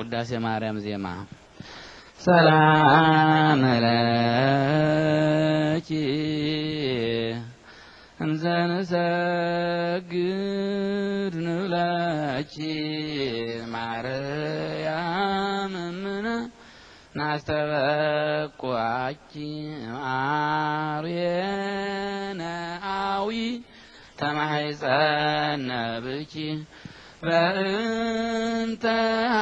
ውዳሴ ማርያም ዜማ ሰላም ለኪ እንዘንሰግድ ንብለኪ ማርያም ምን ናስተበቁአኪ ማርየነ አዊ ተማሕፀነ ብኪ በእንተ